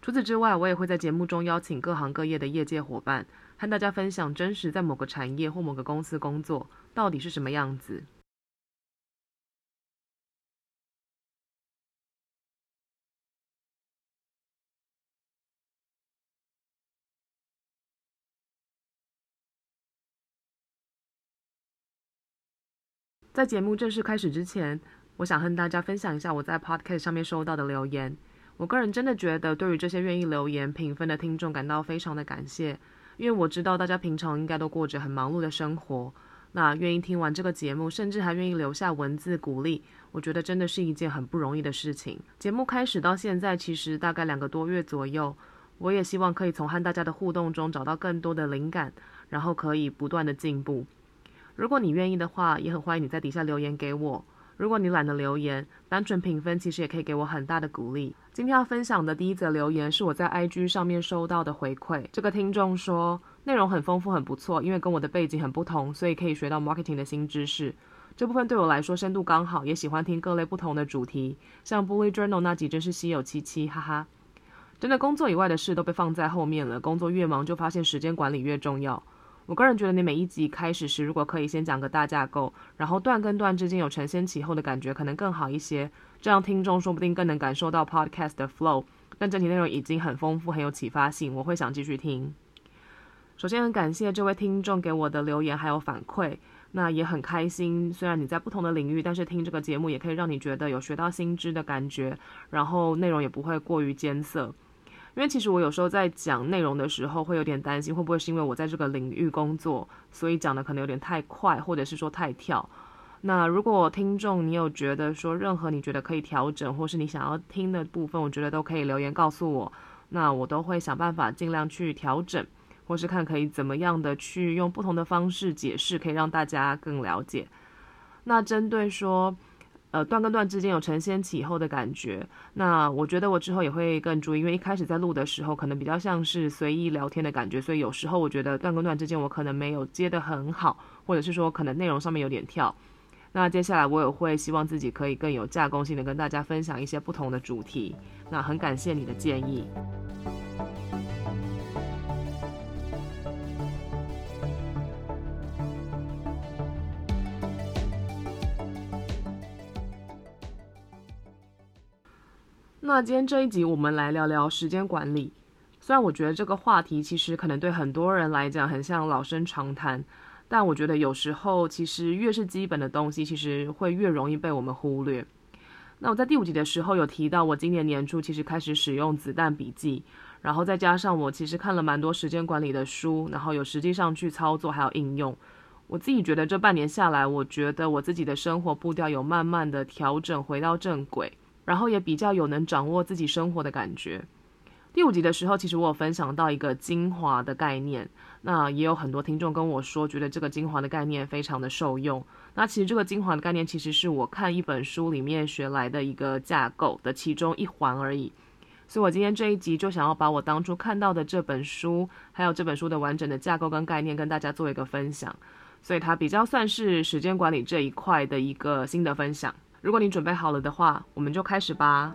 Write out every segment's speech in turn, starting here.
除此之外，我也會在節目中邀請各行各業的業界夥伴，和大家分享真實在某個產業或某個公司工作到底是什麼樣子。在節目正式開始之前，我想和大家分享一下我在 Podcast 上面收到的留言。我個人真的覺得，對於這些願意留言評分的聽眾，感到非常的感謝。因為我知道大家平常應該都過着很忙碌的生活，那願意聽完這個節目，甚至還願意留下文字鼓勵，我覺得真的是一件很不容易的事情。節目開始到現在，其實大概兩個多月左右，我也希望可以從和大家的互動中找到更多的靈感，然後可以不斷的進步。如果你願意的話，也很歡迎你在底下留言給我。如果你懶得留言，單純評分其實也可以給我很大的鼓勵。今天要分享的第一則留言是我在 IG 上面收到的回饋。這個聽眾說，內容很豐富，很不錯，因為跟我的背景很不同，所以可以學到 marketing 的新知識。這部分對我來說深度剛好，也喜歡聽各類不同的主題，像 bullet journal 那集真是稀有七七，哈哈。真的工作以外的事都被放在後面了，工作越忙就發現時間管理越重要。我個人覺得，你每一集開始時，如果可以先講個大架構，然後段跟段之間有承先啟後的感覺，可能更好一些。這樣聽眾說不定更能感受到 podcast 的 flow。但整體內容已經很豐富，很有啟發性，我會想繼續聽。首先，很感謝這位聽眾給我的留言還有反饋，那也很開心。雖然你在不同的領域，但是聽這個節目也可以讓你覺得有學到新知的感覺，然後內容也不會過於艱澀。因為其實我有時候在講內容的時候，會有點擔心，會不會是因為我在這個領域工作，所以講的可能有點太快，或者是說太跳。那如果聽眾你有覺得說任何你覺得可以調整，或是你想要聽的部分，我覺得都可以留言告訴我，那我都會想辦法盡量去調整，或是看可以怎麼樣的去用不同的方式解釋，可以讓大家更了解。那針對說。呃，段跟段之間有承先啟後的感覺。那我覺得我之後也會更注意，因為一開始在錄的時候可能比較像是隨意聊天的感覺，所以有時候我覺得段跟段之間我可能沒有接得很好，或者是說可能內容上面有點跳。那接下來我也會希望自己可以更有架構性的跟大家分享一些不同的主題。那很感謝你的建議。那今天這一集，我們來聊聊時間管理。雖然我覺得這個話題其實可能對很多人來講很像老生常談，但我覺得有時候其實越是基本的東西，其實會越容易被我們忽略。那我在第五集的時候有提到，我今年年初其實開始使用子彈筆記，然後再加上我其實看了蠻多時間管理的書，然後有實際上去操作還有應用。我自己覺得這半年下來，我覺得我自己的生活步調有慢慢的調整回到正軌。然後也比較有能掌握自己生活的感覺。第五集的時候，其實我有分享到一個精華的概念，那也有很多聽眾跟我說，覺得這個精華的概念非常的受用。那其實這個精華的概念，其實是我看一本書裡面學來的一個架構的其中一環而已。所以我今天這一集就想要把我當初看到的這本書，還有這本書的完整的架構跟概念，跟大家做一個分享。所以它比較算是時間管理這一塊的一個心得分享。如果你準備好了的話，我們就開始吧。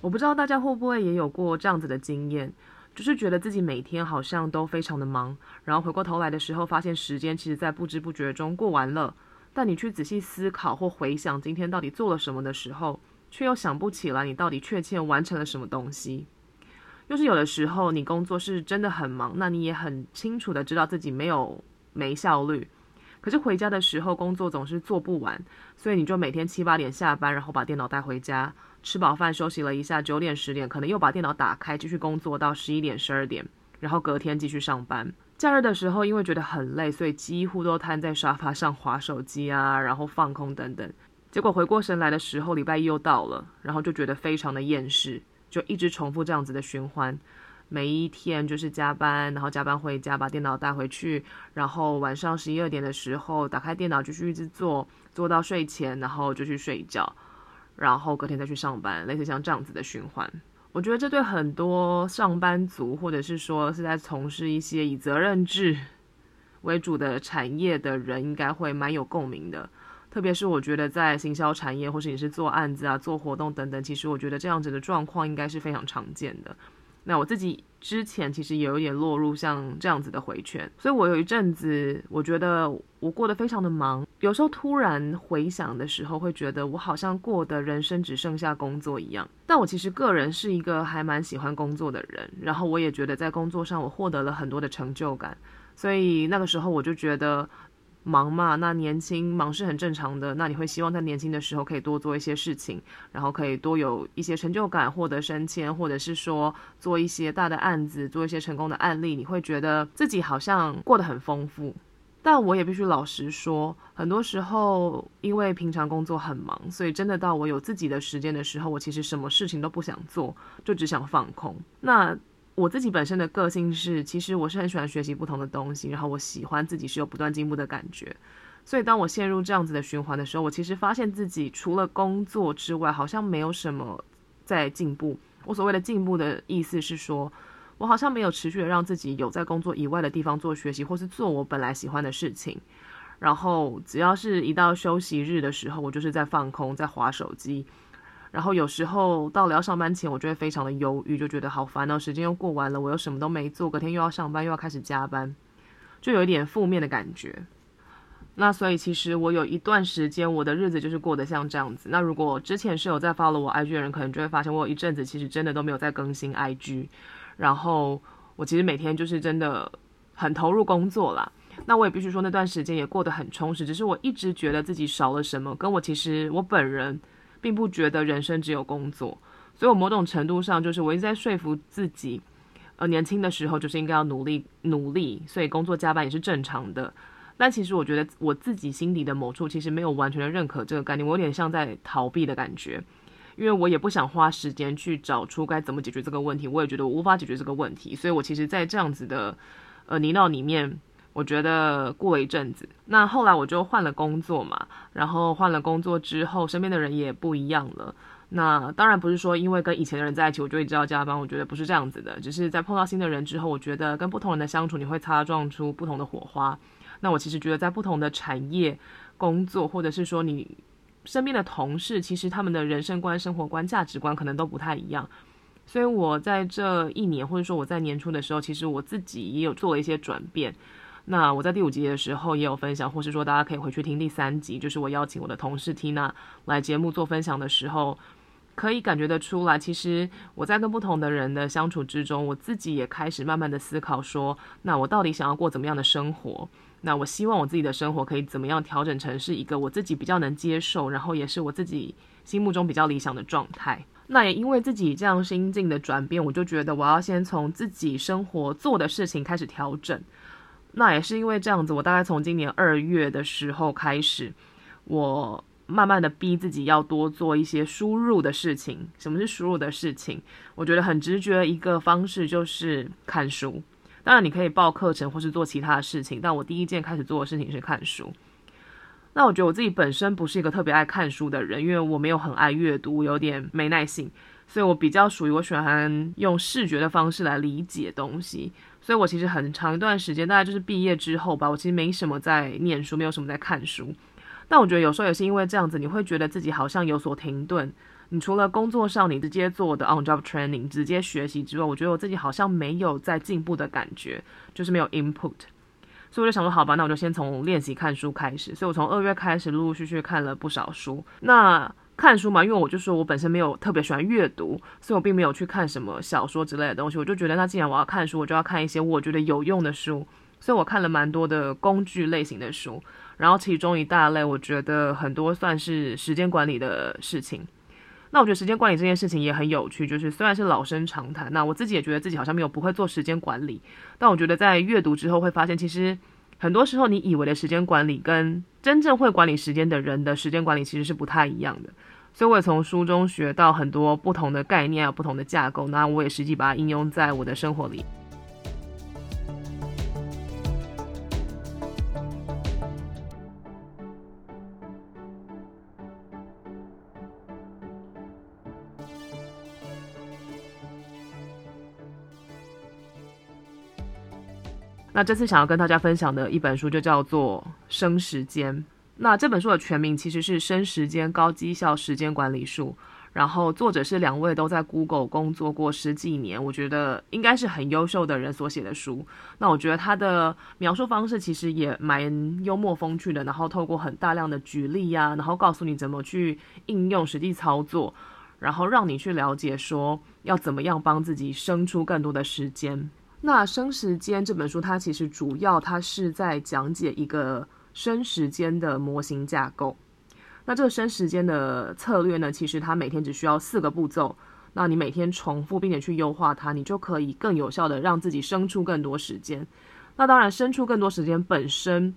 我不知道大家會不會也有過這樣子的經驗，就是覺得自己每天好像都非常的忙，然後回過頭來的時候，發現時間其實在不知不覺中過完了。但你去仔細思考或回想今天到底做了什麼的時候，卻又想不起來，你到底確切完成了什麼東西。又、就是有的時候你工作是真的很忙，那你也很清楚的知道自己沒有沒效率。可是回家的時候工作總是做不完，所以你就每天七八點下班，然後把電腦帶回家，吃飽飯休息了一下，九點十點可能又把電腦打開繼續工作到十一點十二點，然後隔天繼續上班。假日的時候因為覺得很累，所以幾乎都癱在沙發上滑手機啊，然後放空等等。結果回過神來的時候，禮拜一又到了，然後就覺得非常的厭世，就一直重複這樣子的循環。每一天就是加班，然後加班回家，把電腦帶回去，然後晚上十一二點的時候打開電腦，就去一直做，做到睡前，然後就去睡覺，然後隔天再去上班，類似像這樣子的循環。我覺得這對很多上班族，或者是說是在從事一些以責任制為主的產業的人，應該會蠻有共鳴的。特別是我覺得在行銷產業，或是你是做案子啊、做活動等等，其實我覺得這樣子的狀況應該是非常常見的。那我自己之前其實也有點落入像這樣子的回圈，所以我有一陣子，我覺得我過得非常的忙，有時候突然回想的時候，會覺得我好像過得的人生只剩下工作一樣。但我其實個人是一個還蠻喜歡工作的人，然後我也覺得在工作上我獲得了很多的成就感，所以那個時候我就覺得。忙嘛，那年輕忙是很正常的。那你會希望在年輕的時候可以多做一些事情，然後可以多有一些成就感，獲得升遷，或者是說做一些大的案子，做一些成功的案例，你會覺得自己好像過得很豐富。但我也必須老實說，很多時候因為平常工作很忙，所以真的到我有自己的時間的時候，我其實什麼事情都不想做，就只想放空。那我自己本身的個性是，其實我是很喜歡學習不同的東西，然後我喜歡自己是有不斷進步的感覺。所以當我陷入這樣子的循環的時候，我其實發現自己除了工作之外，好像沒有什麼在進步。我所謂的進步的意思是說，我好像沒有持續的讓自己有在工作以外的地方做學習，或是做我本來喜歡的事情。然後只要是一到休息日的時候，我就是在放空，在滑手機。然後有時候到了要上班前，我就會非常的憂鬱，就覺得好煩惱，時間又過完了，我又什麼都沒做，隔天又要上班，又要開始加班，就有一點負面的感覺。那所以其實我有一段時間我的日子就是過得像這樣子。那如果之前是有在 follow 我 IG 的人，可能就會發現我有一陣子其實真的都沒有在更新 IG。然後我其實每天就是真的很投入工作啦。那我也必須說，那段時間也過得很充實，只是我一直覺得自己少了什麼。跟我其實我本人。並不覺得人生只有工作，所以我某種程度上就是我一直在說服自己，呃，年輕的時候就是應該要努力努力，所以工作加班也是正常的。但其實我覺得我自己心底的某處其實沒有完全的認可這個概念，我有點像在逃避的感覺，因為我也不想花時間去找出該怎麼解決這個問題，我也覺得我無法解決這個問題，所以我其實，在這樣子的，呃，泥淖裡面。我覺得過一陣子，那後來我就換了工作嘛，然後換了工作之後，身邊的人也不一樣了。那當然不是說因為跟以前的人在一起，我就一直要加班。我覺得不是這樣子的，只是在碰到新的人之後，我覺得跟不同人的相處，你會擦撞出不同的火花。那我其實覺得，在不同的產業工作，或者是說你身邊的同事，其實他們的人生觀、生活觀、價值觀可能都不太一樣。所以我在這一年，或者說我在年初的時候，其實我自己也有做了一些轉變。那我在第五集的時候也有分享，或是說大家可以回去聽第三集，就是我邀請我的同事緹娜來節目做分享的時候，可以感覺得出來，其實我在跟不同的人的相處之中，我自己也開始慢慢的思考說，說那我到底想要過怎麼樣的生活？那我希望我自己的生活可以怎麼樣調整成是一個我自己比較能接受，然後也是我自己心目中比較理想的狀態。那也因為自己這樣心境的轉變，我就覺得我要先從自己生活做的事情開始調整。那也是因為這樣子，我大概從今年二月的時候開始，我慢慢的逼自己要多做一些輸入的事情。什麼是輸入的事情？我覺得很直覺的一個方式就是看書。當然，你可以報課程或是做其他的事情，但我第一件開始做的事情是看書。那我覺得我自己本身不是一個特別愛看書的人，因為我沒有很愛閱讀，有點沒耐性。所以，我比較屬於我喜歡用視覺的方式來理解東西。所以我其實很長一段時間，大概就是畢業之後吧，我其實沒什麼在念書，沒有什麼在看書。但我覺得有時候也是因為這樣子，你會覺得自己好像有所停頓。你除了工作上你直接做的 on job training，直接學習之外，我覺得我自己好像沒有在進步的感覺，就是沒有 input。所以我就想說，好吧，那我就先從練習看書開始。所以我從二月開始，陸陸續續看了不少書。那。看書嘛，因為我就說我本身沒有特別喜歡閱讀，所以我並沒有去看什麼小說之類的東西。我就覺得，那既然我要看書，我就要看一些我覺得有用的書。所以我看了蠻多的工具類型的書，然後其中一大類，我覺得很多算是時間管理的事情。那我覺得時間管理這件事情也很有趣，就是雖然是老生常談，那我自己也覺得自己好像沒有不會做時間管理，但我覺得在閱讀之後會發現，其實很多時候你以為的時間管理跟真正會管理時間的人的時間管理其實是不太一樣的，所以我也從書中學到很多不同的概念，有不同的架構，那我也實際把它應用在我的生活裡。那這次想要跟大家分享的一本書就叫做《生時間》。那這本書的全名其實是《生時間高績效時間管理術》。然後作者是兩位都在 Google 工作過十幾年，我覺得應該是很優秀的人所寫的書。那我覺得他的描述方式其實也蠻幽默風趣的，然後透過很大量的舉例呀、啊，然後告訴你怎麼去應用實際操作，然後讓你去了解說要怎麼樣幫自己生出更多的時間。那生時間這本書，它其實主要它是在講解一個生時間的模型架構。那這個生時間的策略呢，其實它每天只需要四個步驟。那你每天重複並且去優化它，你就可以更有效的讓自己生出更多時間。那當然，生出更多時間本身。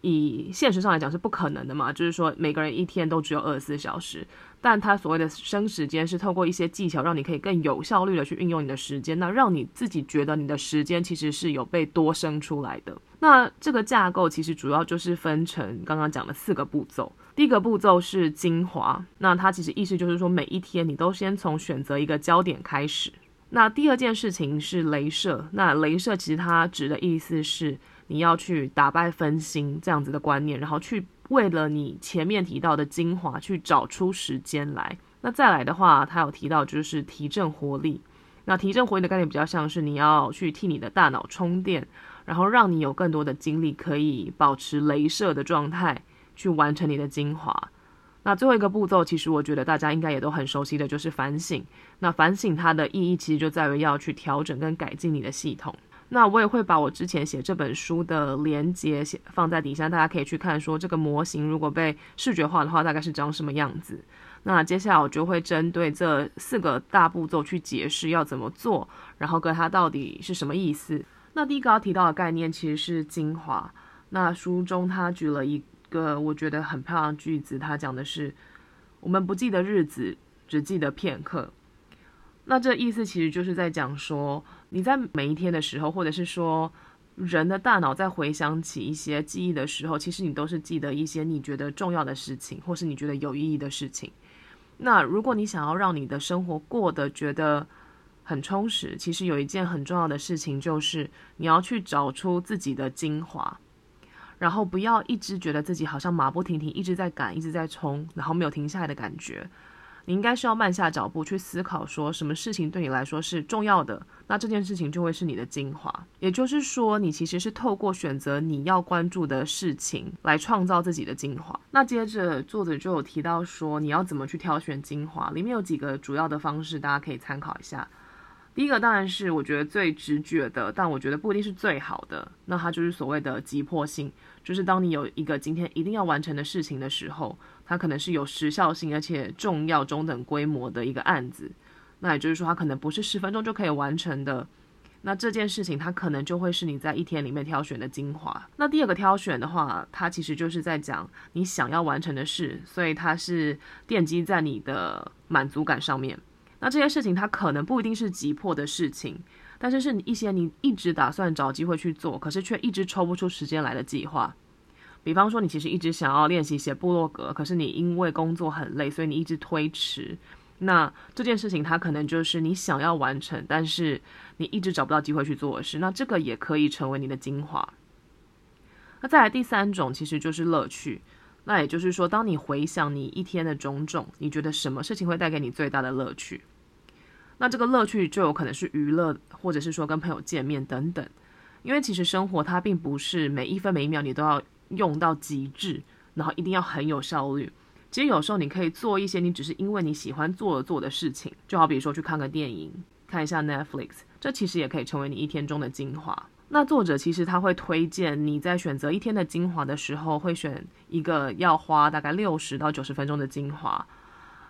以現實上來講是不可能的嘛，就是說每個人一天都只有二十四小時，但他所謂的生時間是透過一些技巧讓你可以更有效率的去運用你的時間，那讓你自己覺得你的時間其實是有被多生出來的。那這個架構其實主要就是分成剛剛講的四個步驟，第一個步驟是精華，那它其實意思就是說每一天你都先從選擇一個焦點開始，那第二件事情是雷射，那雷射其實它指的意思是。你要去打敗分心這樣子的觀念，然後去為了你前面提到的精華，去找出時間來。那再來的話，他有提到就是提振活力。那提振活力的概念比較像是你要去替你的大腦充電，然後讓你有更多的精力，可以保持雷射的狀態，去完成你的精華。那最後一個步驟，其實我覺得大家應該也都很熟悉的就是反省。那反省它的意義其實就在於要去調整跟改進你的系統。那我也會把我之前寫這本書的連結寫放在底下，大家可以去看，說這個模型如果被視覺化的話，大概是長什麼樣子？那接下來我就會針對這四個大步驟去解釋要怎麼做，然後跟它到底是什麼意思。那第一個要提到的概念其實是精華。那書中他舉了一個我覺得很漂亮的句子，他講的是：我們不記得日子，只記得片刻。那這意思其實就是在講說。你在每一天的時候，或者是說人的大腦在回想起一些記憶的時候，其實你都是記得一些你覺得重要的事情，或是你覺得有意義的事情。那如果你想要讓你的生活過得覺得很充實，其實有一件很重要的事情就是你要去找出自己的精華，然後不要一直覺得自己好像馬不停蹄，一直在趕，一直在衝，然後沒有停下來的感覺。你應該是要慢下腳步去思考，說什麼事情對你來說是重要的，那這件事情就會是你的精華。也就是說，你其實是透過選擇你要關注的事情來創造自己的精華。那接着作者就有提到說，你要怎麼去挑選精華，裡面有幾個主要的方式，大家可以參考一下。第一個當然是我覺得最直覺的，但我覺得不一定是最好的。那它就是所謂的急迫性，就是當你有一個今天一定要完成的事情的時候。它可能是有時效性，而且重要、中等規模的一個案子，那也就是說，它可能不是十分鐘就可以完成的。那這件事情，它可能就會是你在一天裡面挑選的精華。那第二個挑選的話，它其實就是在講你想要完成的事，所以它是奠基在你的滿足感上面。那這些事情，它可能不一定是急迫的事情，但是是你一些你一直打算找機會去做，可是卻一直抽不出時間來的計劃。比方說，你其實一直想要練習寫部落格，可是你因為工作很累，所以你一直推遲。那這件事情，它可能就是你想要完成，但是你一直找不到機會去做的事。那這個也可以成為你的精華。那再來第三種，其實就是樂趣。那也就是說，當你回想你一天的種種，你覺得什麼事情會帶給你最大的樂趣？那這個樂趣就有可能是娛樂，或者是說跟朋友見面等等。因為其實生活它並不是每一分每一秒你都要，用到極致，然後一定要很有效率。其實有時候你可以做一些你只是因為你喜歡做而做的事情，就好比說去看個電影，看一下 Netflix，這其實也可以成為你一天中的精華。那作者其實他會推薦你在選擇一天的精華的時候，會選一個要花大概六十到九十分鐘的精華。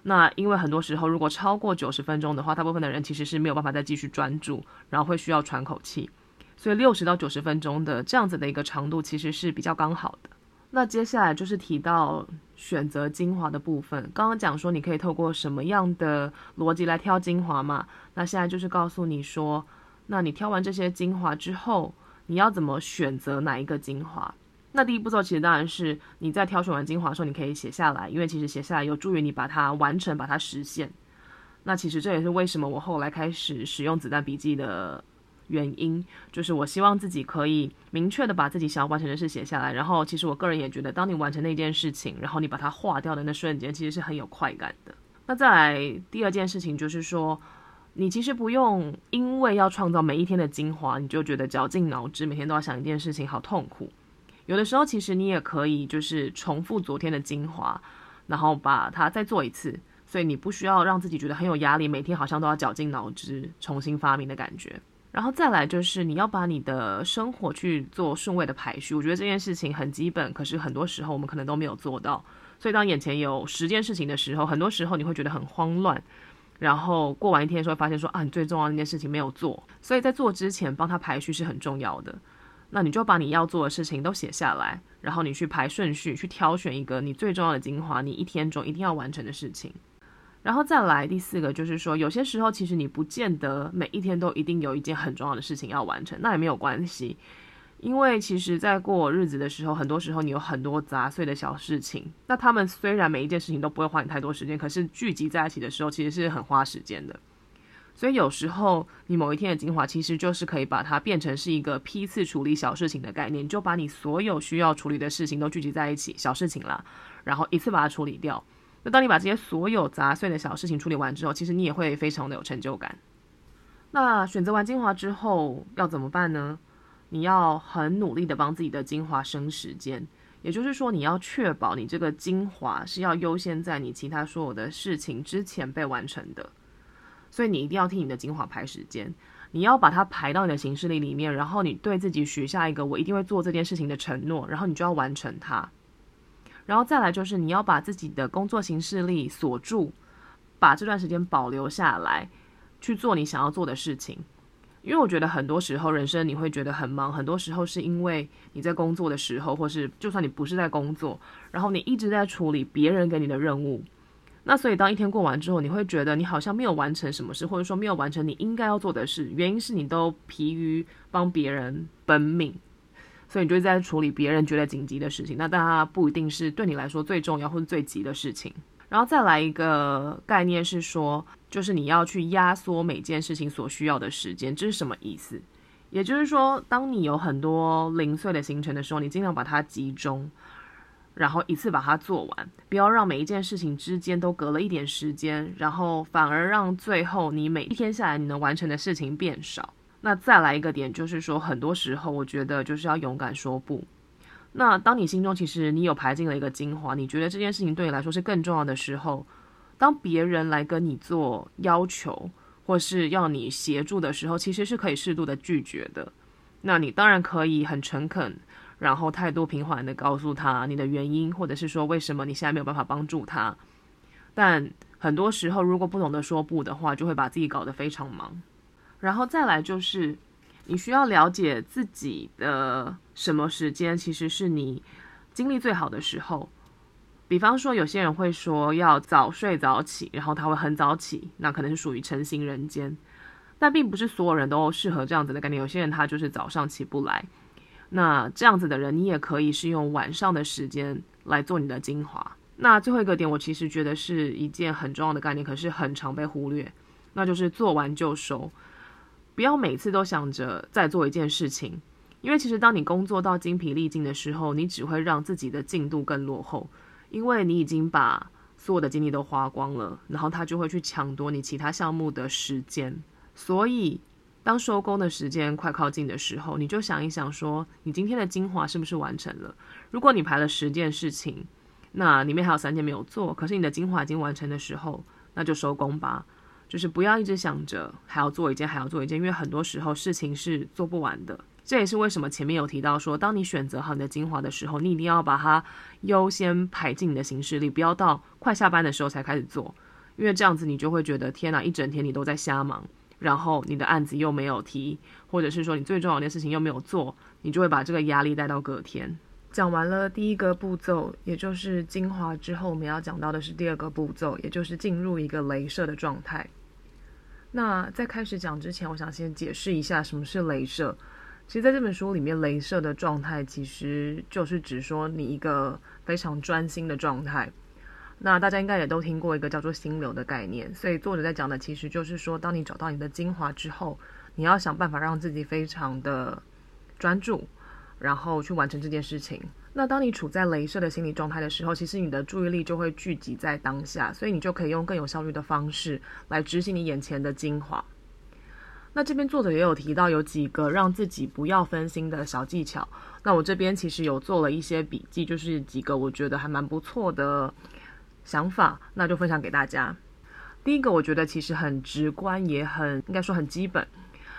那因為很多時候如果超過九十分鐘的話，大部分的人其實是沒有辦法再繼續專注，然後會需要喘口氣。所以六十到九十分鐘的這樣子的一個長度其實是比較剛好的。那接下來就是提到選擇精華的部分。剛剛講說你可以透過什麼樣的邏輯來挑精華嘛？那現在就是告訴你說，那你挑完這些精華之後，你要怎麼選擇哪一個精華？那第一步驟其實當然是你在挑選完精華的時候，你可以寫下來，因為其實寫下來有助於你把它完成，把它實現。那其實這也是為什麼我後來開始使用子彈筆記的。原因就是，我希望自己可以明確地把自己想要完成的事寫下來。然後，其實我個人也覺得，當你完成那件事情，然後你把它劃掉的那瞬間，其實是很有快感的。那再來，第二件事情就是說，你其實不用因為要創造每一天的精華，你就覺得絞盡腦汁，每天都要想一件事情，好痛苦。有的時候，其實你也可以就是重複昨天的精華，然後把它再做一次。所以，你不需要讓自己覺得很有壓力，每天好像都要絞盡腦汁重新發明的感覺。然後再來就是你要把你的生活去做順位的排序，我覺得這件事情很基本，可是很多時候我們可能都沒有做到。所以當眼前有十件事情的時候，很多時候你會覺得很慌亂，然後過完一天的時候會發現說啊，你最重要的那件事情沒有做。所以在做之前幫他排序是很重要的。那你就把你要做的事情都寫下來，然後你去排順序，去挑選一個你最重要的精華，你一天中一定要完成的事情。然後再來第四個就是說，有些時候其實你不見得每一天都一定有一件很重要的事情要完成，那也沒有關係，因為其實，在過日子的時候，很多時候你有很多雜碎的小事情。那他們雖然每一件事情都不會花你太多時間，可是聚集在一起的時候，其實是很花時間的。所以有時候你某一天的精華，其實就是可以把它變成是一個批次處理小事情的概念，就把你所有需要處理的事情都聚集在一起，小事情啦，然後一次把它處理掉。就當你把這些所有雜碎的小事情處理完之後，其實你也會非常的有成就感。那選擇完精華之後要怎麼辦呢？你要很努力的幫自己的精華生時間，也就是說你要確保你這個精華是要優先在你其他所有的事情之前被完成的。所以你一定要替你的精華排時間，你要把它排到你的行事曆裡面，然後你對自己許下一個我一定會做這件事情的承諾，然後你就要完成它。然後再來就是，你要把自己的工作行事曆鎖住，把這段時間保留下來，去做你想要做的事情。因為我覺得很多時候，人生你會覺得很忙，很多時候是因為你在工作的時候，或是就算你不是在工作，然後你一直在處理別人給你的任務。那所以當一天過完之後，你會覺得你好像沒有完成什麼事，或者說沒有完成你應該要做的事。原因是你都疲於幫別人奔命。所以你就在處理別人覺得緊急的事情，那但它不一定是對你來說最重要或者最急的事情。然後再來一個概念是說，就是你要去壓縮每件事情所需要的時間，這是什麼意思？也就是說，當你有很多零碎的行程的時候，你儘量把它集中，然後一次把它做完，不要讓每一件事情之間都隔了一點時間，然後反而讓最後你每一天下來你能完成的事情變少。那再來一個點，就是說，很多時候我覺得就是要勇敢說不。那當你心中其實你有排進了一個精華，你覺得這件事情對你來說是更重要的時候，當別人來跟你做要求或是要你協助的時候，其實是可以適度的拒絕的。那你當然可以很誠懇，然後態度平緩的告訴他你的原因，或者是說為什麼你現在沒有辦法幫助他。但很多時候，如果不懂得說不的話，就會把自己搞得非常忙。然後再來就是，你需要了解自己的什麼時間其實是你精力最好的時候。比方說，有些人會說要早睡早起，然後他會很早起，那可能是屬於晨型人間。但並不是所有人都適合這樣子的概念。有些人他就是早上起不來，那這樣子的人，你也可以是用晚上的時間來做你的精華。那最後一個點，我其實覺得是一件很重要的概念，可是很常被忽略，那就是做完就收。不要每次都想着再做一件事情，因為其實當你工作到精疲力盡的時候，你只會讓自己的進度更落後，因為你已經把所有的精力都花光了，然後他就會去搶奪你其他項目的時間。所以，當收工的時間快靠近的時候，你就想一想說，說你今天的精華是不是完成了？如果你排了十件事情，那裡面還有三件沒有做，可是你的精華已經完成的時候，那就收工吧。就是不要一直想着還要做一件，還要做一件，因為很多時候事情是做不完的。這也是為什麼前面有提到說，當你選擇好你的精華的時候，你一定要把它優先排進你的行事曆裡，不要到快下班的時候才開始做，因為這樣子你就會覺得天吶，一整天你都在瞎忙，然後你的案子又沒有提，或者是說你最重要的事情又沒有做，你就會把這個壓力帶到隔天。講完了第一個步驟，也就是精華之後，我們要講到的是第二個步驟，也就是進入一個雷射的狀態。那在開始講之前，我想先解釋一下什麼是雷射。其實，在這本書裡面，雷射的狀態其實就是指說你一個非常專心的狀態。那大家應該也都聽過一個叫做心流的概念，所以作者在講的其實就是說，當你找到你的精華之後，你要想辦法讓自己非常的專注，然後去完成這件事情。那當你處在雷射的心理狀態的時候，其實你的注意力就會聚集在當下，所以你就可以用更有效率的方式來執行你眼前的精華。那這邊作者也有提到有幾個讓自己不要分心的小技巧。那我這邊其實有做了一些筆記，就是幾個我覺得還蠻不錯的想法，那就分享給大家。第一個，我覺得其實很直觀，也很應該說很基本，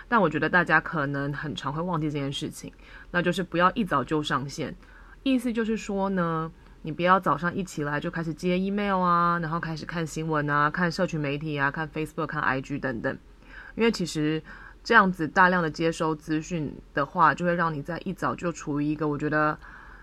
但我覺得大家可能很常會忘記這件事情，那就是不要一早就上線。意思就是說呢，你不要早上一起來就開始接 email 啊，然後開始看新聞啊，看社群媒體啊，看 Facebook、看 IG 等等。因為其實這樣子大量的接收資訊的話，就會讓你在一早就處於一個我覺得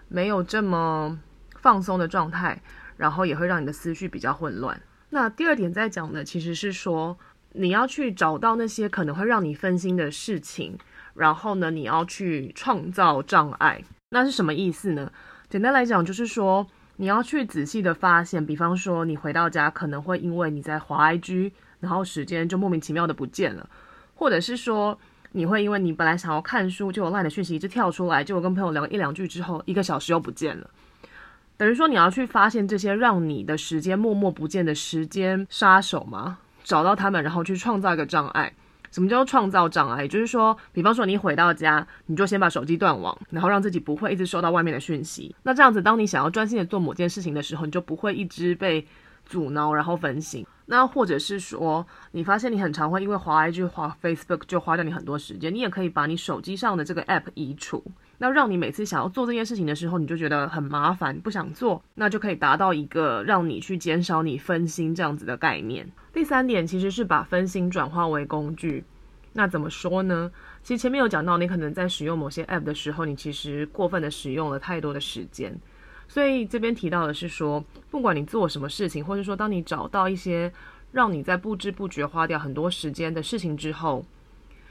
沒有這麼放鬆的狀態，然後也會讓你的思緒比較混亂。那第二點在講的其實是說，你要去找到那些可能會讓你分心的事情，然後呢，你要去創造障礙。那是什麼意思呢？簡單來講，就是說你要去仔細的發現，比方說你回到家，可能會因為你在滑 IG，然後時間就莫名其妙的不見了；或者是說你會因為你本來想要看書，就有 Line 的訊息一直跳出來，結果跟朋友聊一兩句之後，一個小時又不見了。等於說你要去發現這些讓你的時間默默不見的時間殺手嗎？找到他們，然後去創造一個障礙。什麼叫做創造障礙？就是說，比方說你一回到家，你就先把手機斷網，然後讓自己不會一直收到外面的訊息。那這樣子，當你想要專心的做某件事情的時候，你就不會一直被阻撓，然後分心。那或者是說，你發現你很常會因為滑 IG、滑 Facebook 就花掉你很多時間，你也可以把你手機上的這個 App 移除。那讓你每次想要做這件事情的時候，你就覺得很麻煩，不想做，那就可以達到一個讓你去減少你分心這樣子的概念。第三點其實是把分心轉化為工具。那怎麼說呢？其實前面有講到，你可能在使用某些 app 的時候，你其實過分的使用了太多的時間。所以這邊提到的是說，不管你做什麼事情，或者說當你找到一些讓你在不知不覺花掉很多時間的事情之後，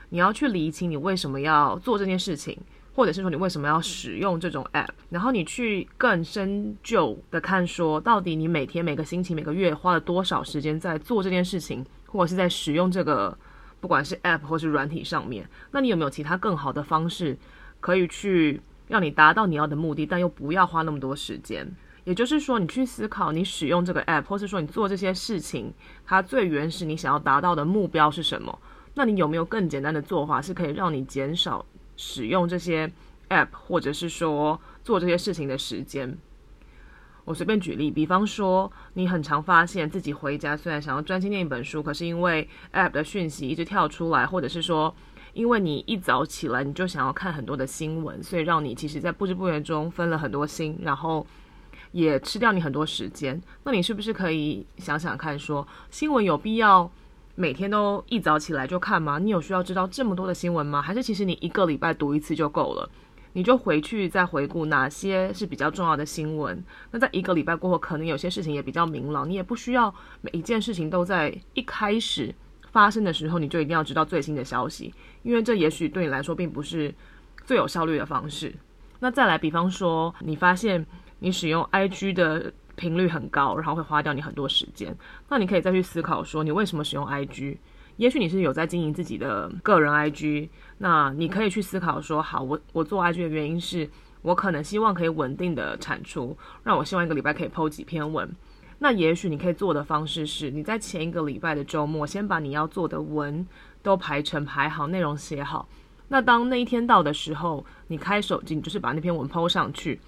你要去理清你為什麼要做這件事情。或者是說你為什麼要使用這種 app，然後你去更深究的看，說到底你每天、每個星期、每個月花了多少時間在做這件事情，或者是在使用這個不管是 app 或是軟體上面，那你有沒有其他更好的方式可以去讓你達到你要的目的，但又不要花那麼多時間？也就是說，你去思考你使用這個 app，或是說你做這些事情，它最原始你想要達到的目標是什麼？那你有沒有更簡單的做法是可以讓你減少使用這些 app，或者是說做這些事情的時間。我隨便舉例，比方說你很常發現自己回家，雖然想要專心念一本書，可是因為 app 的訊息一直跳出來，或者是說因為你一早起來你就想要看很多的新聞，所以讓你其實在不知不覺中分了很多心，然後也吃掉你很多時間。那你是不是可以想想看，說新聞有必要，每天都一早起來就看嗎？你有需要知道這麼多的新聞嗎？還是其實你一個禮拜讀一次就夠了？你就回去再回顧哪些是比較重要的新聞。那在一個禮拜過後，可能有些事情也比較明朗，你也不需要每一件事情都在一開始發生的時候你就一定要知道最新的消息，因為這也許對你來說並不是最有效率的方式。那再來，比方說你發現你使用 IG 的頻率很高，然後會花掉你很多時間。那你可以再去思考說，你為什麼使用 IG？也許你是有在經營自己的個人 IG，那你可以去思考說，好，我我做 IG 的原因是我可能希望可以穩定的產出，讓我希望一個禮拜可以 PO 幾篇文。那也許你可以做的方式是，你在前一個禮拜的週末先把你要做的文都排成排好，內容寫好。那當那一天到的時候，你開手機，你就是把那篇文 PO 上去。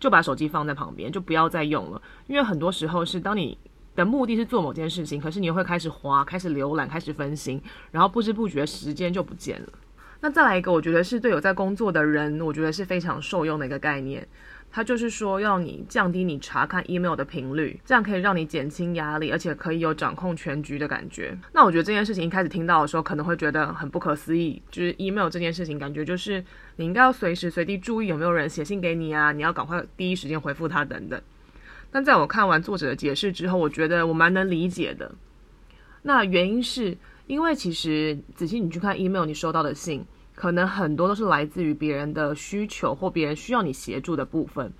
就把手機放在旁邊，就不要再用了，因為很多時候是當你的目的是做某件事情，可是你又會開始滑、開始瀏覽、開始分心，然後不知不覺時間就不見了。那再來一個，我覺得是對有在工作的人，我覺得是非常受用的一個概念。他就是說，要你降低你查看 email 的頻率，這樣可以讓你減輕壓力，而且可以有掌控全局的感覺。那我覺得這件事情一開始聽到的時候，可能會覺得很不可思議，就是 email 這件事情，感覺就是你應該要隨時隨地注意有沒有人寫信給你啊，你要趕快第一時間回復他等等。但在我看完作者的解釋之後，我覺得我蠻能理解的。那原因是因為其實仔細你去看 email，你收到的信。可能很多都是來自於別人的需求，或別人需要你協助的部分，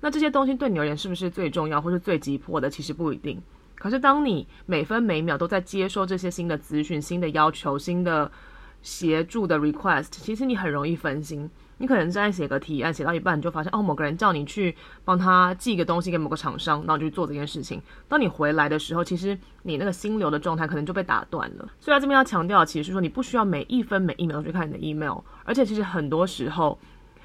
那這些東西對你而言是不是最重要或是最急迫的，其實不一定。可是當你每分每秒都在接收這些新的資訊、新的要求、新的協助的 request，其實你很容易分心。你可能在寫個提案，寫到一半你就發現，哦，某個人叫你去幫他寄個東西給某個廠商，然後就去做這件事情。當你回來的時候，其實你那個心流的狀態可能就被打斷了。所以他這邊要強調，其實是說你不需要每一分每一秒去看你的 email。而且其實很多時候，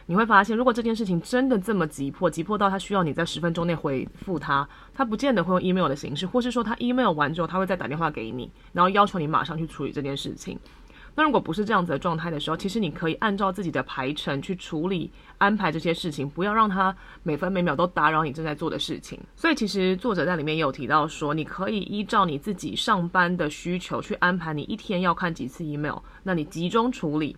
你會發現，如果這件事情真的這麼急迫，急迫到他需要你在十分鐘內回復他，他不見得會用 email 的形式，或是說他 email 完之後他會再打電話給你，然後要求你馬上去處理這件事情。那如果不是這樣子的狀態的時候，其實你可以按照自己的排程去處理安排這些事情，不要讓他每分每秒都打擾你正在做的事情。所以其實作者在裡面也有提到說，你可以依照你自己上班的需求去安排你一天要看幾次 email，那你集中處理。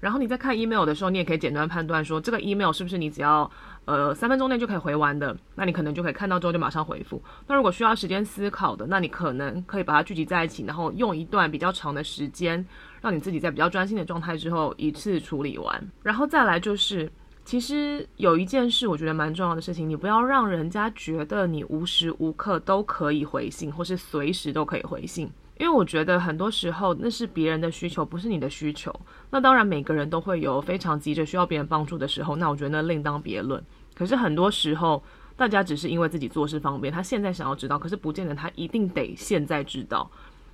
然後你在看 email 的時候，你也可以簡單判斷說，這個 email 是不是你只要，呃，三分鐘內就可以回完的？那你可能就可以看到之後就馬上回復。那如果需要時間思考的，那你可能可以把它聚集在一起，然後用一段比較長的時間，讓你自己在比較專心的狀態之後一次處理完。然後再來就是，其實有一件事我覺得蠻重要的事情，你不要讓人家覺得你無時無刻都可以回信，或是隨時都可以回信。因為我覺得很多時候那是別人的需求，不是你的需求。那當然，每個人都會有非常急着需要別人幫助的時候。那我覺得那另當別論。可是很多時候，大家只是因為自己做事方便，他現在想要知道，可是不見得他一定得現在知道。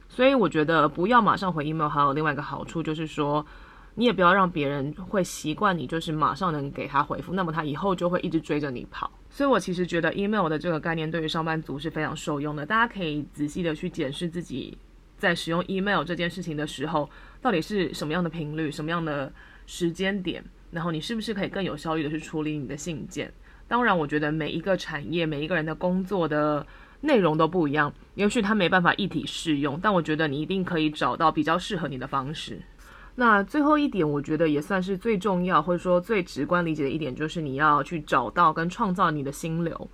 所以我覺得不要馬上回 email，還有另外一個好處就是說，你也不要讓別人會習慣你就是馬上能給他回復，那麼他以後就會一直追着你跑。所以我其實覺得 email 的這個概念對於上班族是非常受用的。大家可以仔細的去檢視自己。在使用 email 這件事情的時候，到底是什麼樣的頻率，什麼樣的時間點，然後你是不是可以更有效率的去處理你的信件？當然，我覺得每一個產業、每一個人的工作的內容都不一樣，也許它沒辦法一體適用，但我覺得你一定可以找到比較適合你的方式。那最後一點，我覺得也算是最重要，或者說最直觀理解的一點，就是你要去找到跟創造你的心流。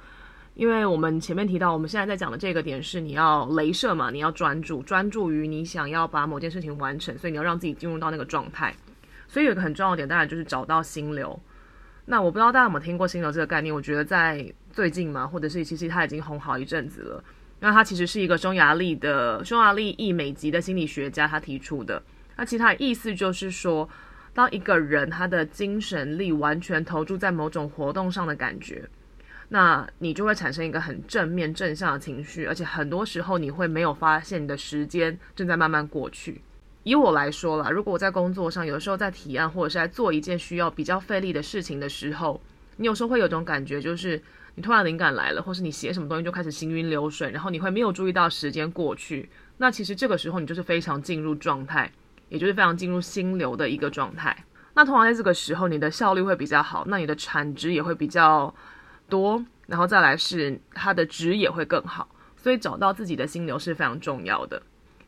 因為我們前面提到，我們現在在講的這個點是你要雷射嘛，你要專注，專注於你想要把某件事情完成，所以你要讓自己進入到那個狀態。所以有一個很重要的點，當然就是找到心流。那我不知道大家有沒有聽過心流這個概念？我覺得在最近嘛，或者是其實它已經紅好一陣子了。那它其實是一個匈牙利的匈牙利裔美籍的心理學家，他提出的。那其實它的意思就是說，當一個人他的精神力完全投注在某種活動上的感覺。那你就會產生一個很正面、正向的情緒，而且很多時候你會沒有發現你的時間正在慢慢過去。以我來說啦，如果我在工作上，有的時候在提案或者是在做一件需要比較費力的事情的時候，你有時候會有種感覺，就是你突然靈感來了，或是你寫什麼東西就開始行雲流水，然後你會沒有注意到時間過去。那其實這個時候你就是非常進入狀態，也就是非常進入心流的一個狀態。那通常在這個時候，你的效率會比較好，那你的產值也會比較多，然後再來是他的質也會更好，所以找到自己的心流是非常重要的。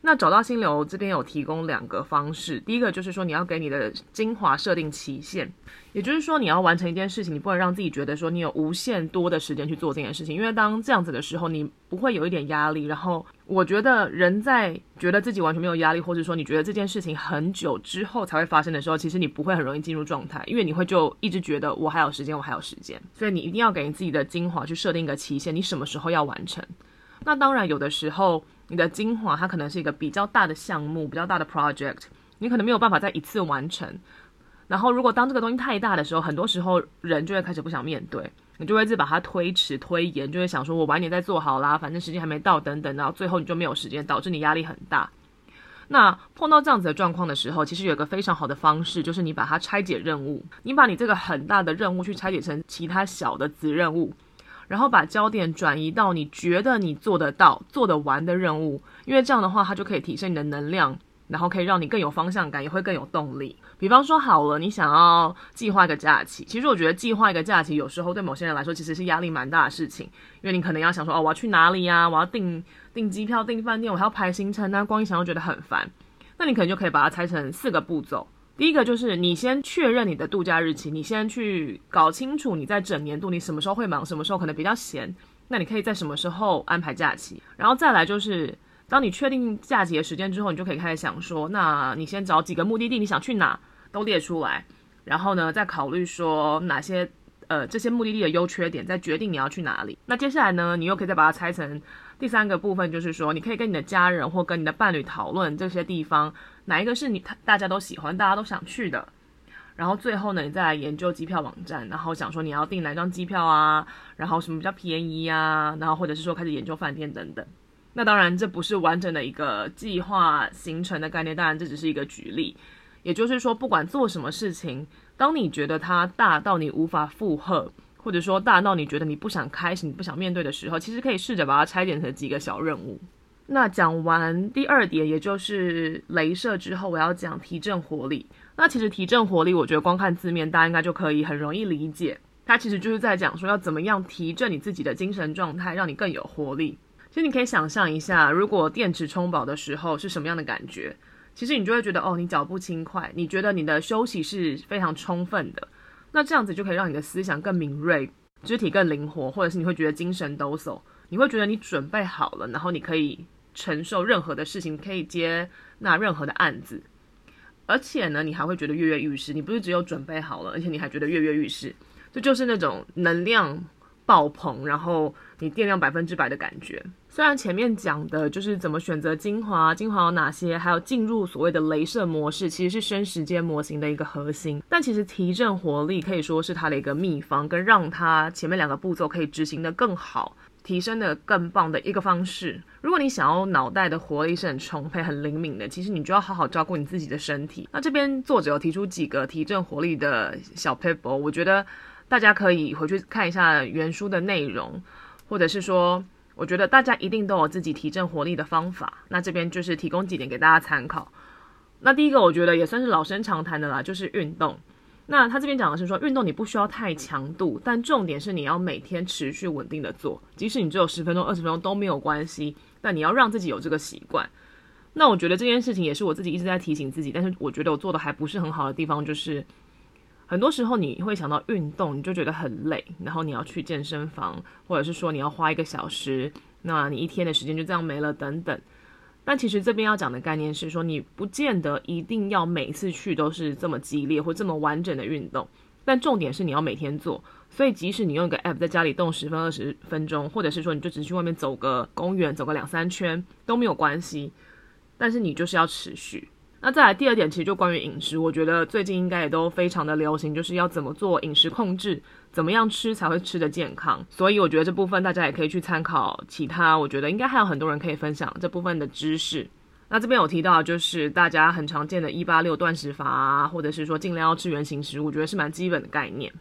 那找到心流這邊有提供兩個方式，第一個就是說你要給你的精華設定期限，也就是說你要完成一件事情，你不能讓自己覺得說你有無限多的時間去做這件事情，因為當這樣子的時候，你不會有一點壓力。然後我覺得人在覺得自己完全沒有壓力，或者說你覺得這件事情很久之後才會發生的時候，其實你不會很容易進入狀態，因為你會就一直覺得我還有時間，我還有時間。所以你一定要給你自己的精華去設定一個期限，你什麼時候要完成？那當然有的時候。你的精華，它可能是一個比較大的項目，比較大的 project，你可能沒有辦法再一次完成。然後，如果當這個東西太大的時候，很多時候人就會開始不想面對，你就會一直把它推遲、推延，就會想說我晚點再做好啦，反正時間還沒到，等等。然後最後你就沒有時間，導致你壓力很大。那碰到這樣子的狀況的時候，其實有一個非常好的方式，就是你把它拆解任務，你把你這個很大的任務去拆解成其他小的子任務。然後把焦點轉移到你覺得你做得到、做得完的任務，因為這樣的話，它就可以提升你的能量，然後可以讓你更有方向感，也會更有動力。比方說，好了，你想要計劃一個假期，其實我覺得計劃一個假期有時候對某些人來說其實是壓力蠻大的事情，因為你可能要想說，哦，我要去哪裡啊？我要訂訂機票、訂飯店，我還要排行程啊，光一想就覺得很煩。那你可能就可以把它拆成四個步驟。第一個就是你先確認你的度假日期，你先去搞清楚你在整年度你什麼時候會忙，什麼時候可能比較閒，那你可以在什麼時候安排假期。然後再來就是，當你確定假期的時間之後，你就可以開始想說，那你先找幾個目的地，你想去哪都列出來，然後呢再考慮說哪些呃這些目的地的優缺點，再決定你要去哪裡。那接下來呢，你又可以再把它拆成。第三個部分就是說，你可以跟你的家人或跟你的伴侶討論這些地方，哪一個是你他大家都喜歡、大家都想去的。然後最後呢，你再來研究機票網站，然後想說你要訂哪張機票啊，然後什麼比較便宜啊，然後或者是說開始研究飯店等等。那當然這不是完整的一個計劃行程的概念，當然這只是一個舉例。也就是說，不管做什麼事情，當你覺得它大到你無法負荷。或者說大到，你覺得你不想開始，你不想面對的時候，其實可以試着把它拆解成幾個小任務。那講完第二點，也就是雷射之後，我要講提振活力。那其實提振活力，我覺得光看字面，大家應該就可以很容易理解。它其實就是在講說，要怎麼樣提振你自己的精神狀態，讓你更有活力。其實你可以想象一下，如果電池充飽的時候是什麼樣的感覺，其實你就會覺得哦，你腳步輕快，你覺得你的休息是非常充分的。那這樣子就可以讓你的思想更敏銳，肢體更靈活，或者是你會覺得精神抖擻，你會覺得你準備好了，然後你可以承受任何的事情，可以接納任何的案子，而且呢，你還會覺得躍躍欲試。你不是只有準備好了，而且你還覺得躍躍欲試，這就，就是那種能量爆棚，然後你電量百分之百的感覺。雖然前面講的就是怎麼選擇精華，精華有哪些，還有進入所謂的雷射模式，其實是生時間模型的一個核心。但其實提振活力可以說是它的一個秘方，跟讓它前面兩個步驟可以執行得更好，提升得更棒的一個方式。如果你想要腦袋的活力是很充沛、很靈敏的，其實你就要好好照顧你自己的身體。那這邊作者有提出幾個提振活力的小 paper，我覺得大家可以回去看一下原書的內容，或者是說。我覺得大家一定都有自己提振活力的方法，那這邊就是提供幾點給大家參考。那第一個，我覺得也算是老生常談的啦，就是運動。那他這邊講的是說，運動你不需要太強度，但重點是你要每天持續穩定的做，即使你只有十分鐘、二十分鐘都沒有關係，但你要讓自己有這個習慣。那我覺得這件事情也是我自己一直在提醒自己，但是我覺得我做的還不是很好的地方就是。很多時候你會想到運動，你就覺得很累，然後你要去健身房，或者是說你要花一個小時，那你一天的時間就這樣沒了等等。但其實這邊要講的概念是說，你不見得一定要每次去都是這麼激烈或這麼完整的運動，但重點是你要每天做。所以即使你用一個 app 在家裡動十分二十分鐘，或者是說你就只去外面走個公園，走個兩三圈，都沒有關係，但是你就是要持續。那再來第二點，其實就關於飲食，我覺得最近應該也都非常的流行，就是要怎麼做飲食控制，怎麼樣吃才會吃得健康。所以我覺得這部分大家也可以去參考其他，我覺得應該還有很多人可以分享這部分的知識。那這邊有提到，就是大家很常見的“一八六”斷食法啊，或者是說儘量要吃原型食物，我覺得是蠻基本的概念。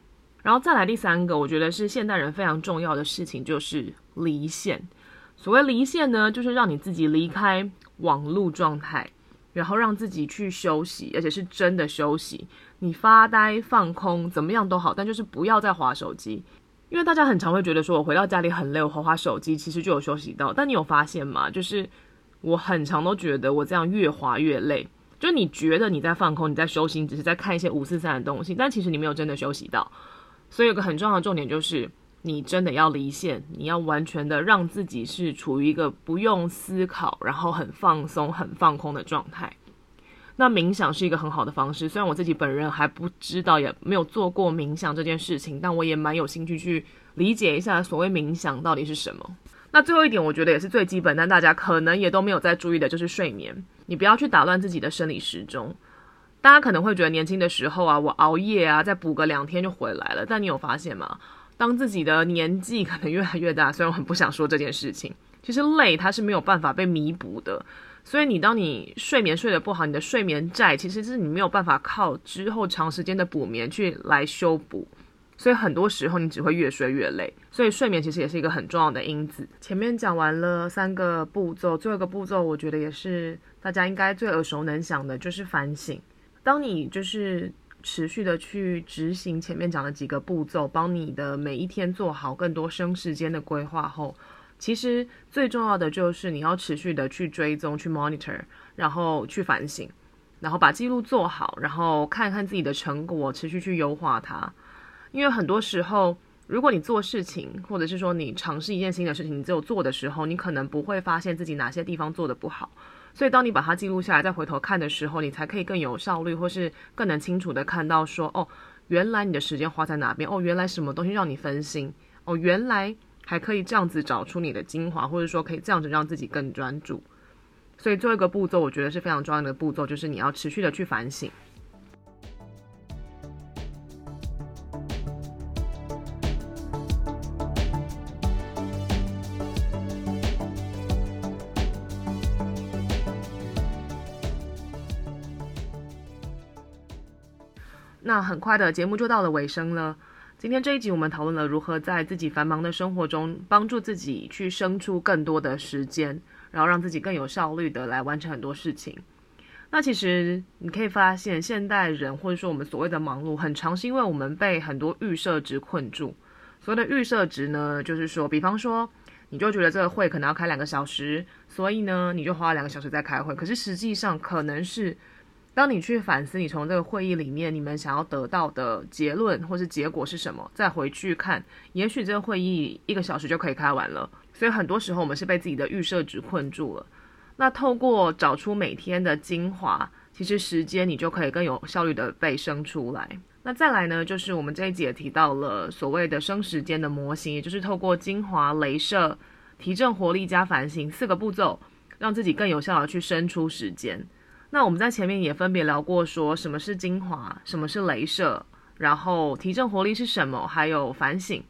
然後再來第三個，我覺得是現代人非常重要的事情，就是離線。所謂離線呢，就是讓你自己離開網路狀態。然後讓自己去休息，而且是真的休息。你發呆、放空，怎麼樣都好，但就是不要再滑手機。因為大家很常會覺得，說我回到家裡很累，我滑滑手機其實就有休息到。但你有發現嗎？就是我很常都覺得我這樣越滑越累。就你覺得你在放空、你在休息，你只是在看一些五四三的東西，但其實你沒有真的休息到。所以有個很重要的重點就是，你真的要離線，你要完全的讓自己是處於一個不用思考，然後很放鬆、很放空的狀態。那冥想是一個很好的方式，雖然我自己本人還不知道，也沒有做過冥想這件事情，但我也蠻有興趣去理解一下所謂冥想到底是什麼。那最後一點，我覺得也是最基本，但大家可能也都沒有在注意的就是睡眠，你不要去打亂自己的生理時鐘。大家可能會覺得年輕的時候啊，我熬夜啊，再補個兩天就回來了，但你有發現嗎？當自己的年紀可能越來越大，雖然我很不想說這件事情，其實累它是沒有辦法被彌補的。所以你當你睡眠睡得不好，你的睡眠債其實就是你沒有辦法靠之後長時間的補眠去來修補，所以很多時候你只會越睡越累。所以睡眠其實也是一個很重要的因子。前面講完了三個步驟，最後一個步驟我覺得也是大家應該最耳熟能詳的，就是反省。當你就是。持續的去執行前面講的幾個步驟，幫你的每一天做好更多生時間的規劃後，其實最重要的就是你要持續的去追蹤、去 monitor，然後去反省，然後把記錄做好，然後看一看自己的成果，持續去優化它。因為很多時候，如果你做事情，或者是說你嘗試一件新的事情，你只有做的時候，你可能不會發現自己哪些地方做得不好。所以，當你把它記錄下來，再回頭看的時候，你才可以更有效率，或是更能清楚的看到說，哦，原來你的時間花在哪邊，哦，原來什麼東西讓你分心，哦，原來還可以這樣子找出你的精華，或者說可以這樣子讓自己更專注。所以，最後一個步驟，我覺得是非常重要的步驟，就是你要持續的去反省。那很快的節目就到了尾聲了。今天這一集我們討論了如何在自己繁忙的生活中幫助自己去生出更多的時間，然後讓自己更有效率的來完成很多事情。那其實你可以發現，現代人或者說我們所謂的忙碌，很常是因為我們被很多預設值困住。所謂的預設值呢，就是說，比方說你就覺得這個會可能要開兩個小時，所以呢你就花了兩個小時在開會，可是實際上可能是。當你去反思你從這個會議裡面你們想要得到的結論或是結果是什麼，再回去看，也許這個會議一個小時就可以開完了。所以很多時候我們是被自己的預設值困住了。那透過找出每天的精華，其實，時間你就可以更有效率的被生出來。那再來呢，就是我們這一集也提到了所謂的生時間的模型，也就是透過精華雷射、提振活力加反省四個步驟，讓自己更有效的去生出時間。那我們在前面也分別聊過，說什麼是精華，什麼是雷射，然後提振活力是什麼，還有反省。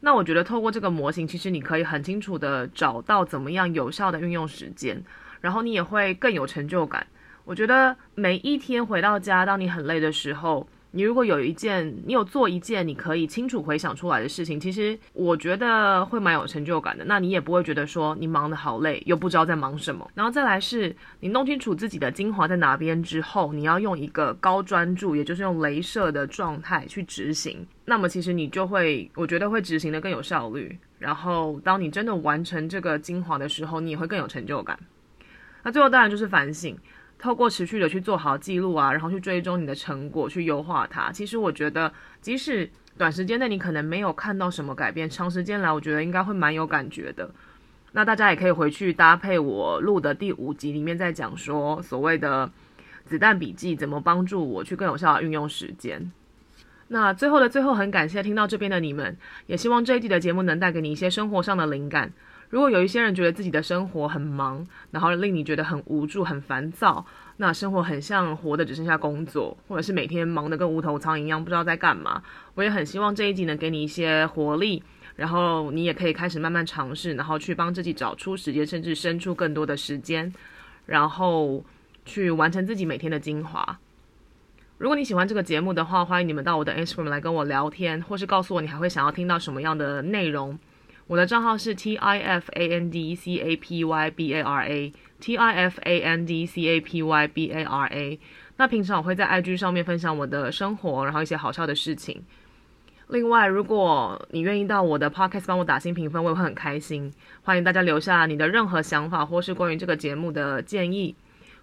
那我覺得透過這個模型，其實你可以很清楚地找到怎麼樣有效地運用時間，然後你也會更有成就感。我覺得每一天回到家，當你很累的時候。你如果有一件，你有做一件你可以清楚回想出來的事情，其實我覺得會蠻有成就感的。那你也不會覺得說你忙得好累，又不知道在忙什麼。然後再來是你弄清楚自己的精華在哪邊之後，你要用一個高專注，也就是用雷射的狀態去執行。那麼其實你就會，我覺得會執行得更有效率。然後當你真的完成這個精華的時候，你也會更有成就感。那最後當然就是反省。透過持續的去做好記錄啊，然後去追蹤你的成果，去優化它。其實我覺得，即使短時間內你可能沒有看到什麼改變，長時間來，我覺得應該會蠻有感覺的。那大家也可以回去搭配我錄的第五集裡面，在講說所謂的子彈筆記怎麼幫助我去更有效的運用時間。那最後的最後，很感謝聽到這邊的你們，也希望這一季的節目能帶給你一些生活上的靈感。如果有一些人覺得自己的生活很忙，然後令你覺得很無助、很煩躁，那生活很像活的只剩下工作，或者是每天忙得跟無頭蒼蠅一樣，不知道在幹嘛。我也很希望這一集能給你一些活力，然後你也可以開始慢慢嘗試，然後去幫自己找出時間，甚至生出更多的時間，然後去完成自己每天的精華。如果你喜歡這個節目的話，歡迎你們到我的 Instagram 來跟我聊天，或是告訴我你還會想要聽到什麼樣的內容。我的賬號是 t i f a n d c a p y b a r a，t i f a n d c a p y b a r a。那平常我會在 I G 上面分享我的生活，然後一些好笑的事情。另外，如果你願意到我的 Podcast 幫我打新評分，我也會很開心。歡迎大家留下你的任何想法，或是關於這個節目的建議。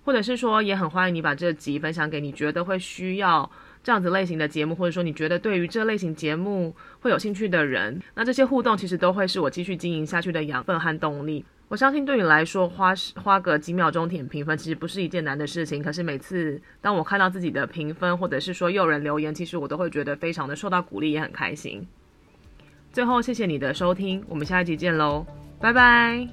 或者是說，也很歡迎你把這集分享給你覺得會需要這樣子類型的節目，或者說你覺得對於這類型節目會有興趣的人，那這些互動其實都會是我繼續經營下去的養分和動力。我相信對你來說，花花個幾秒鐘點評分其實不是一件難的事情。可是每次當我看到自己的評分，或者是說有人留言，其實我都會覺得非常的受到鼓勵，也很開心。最後，謝謝你的收聽，我們下一集見嘍，拜拜。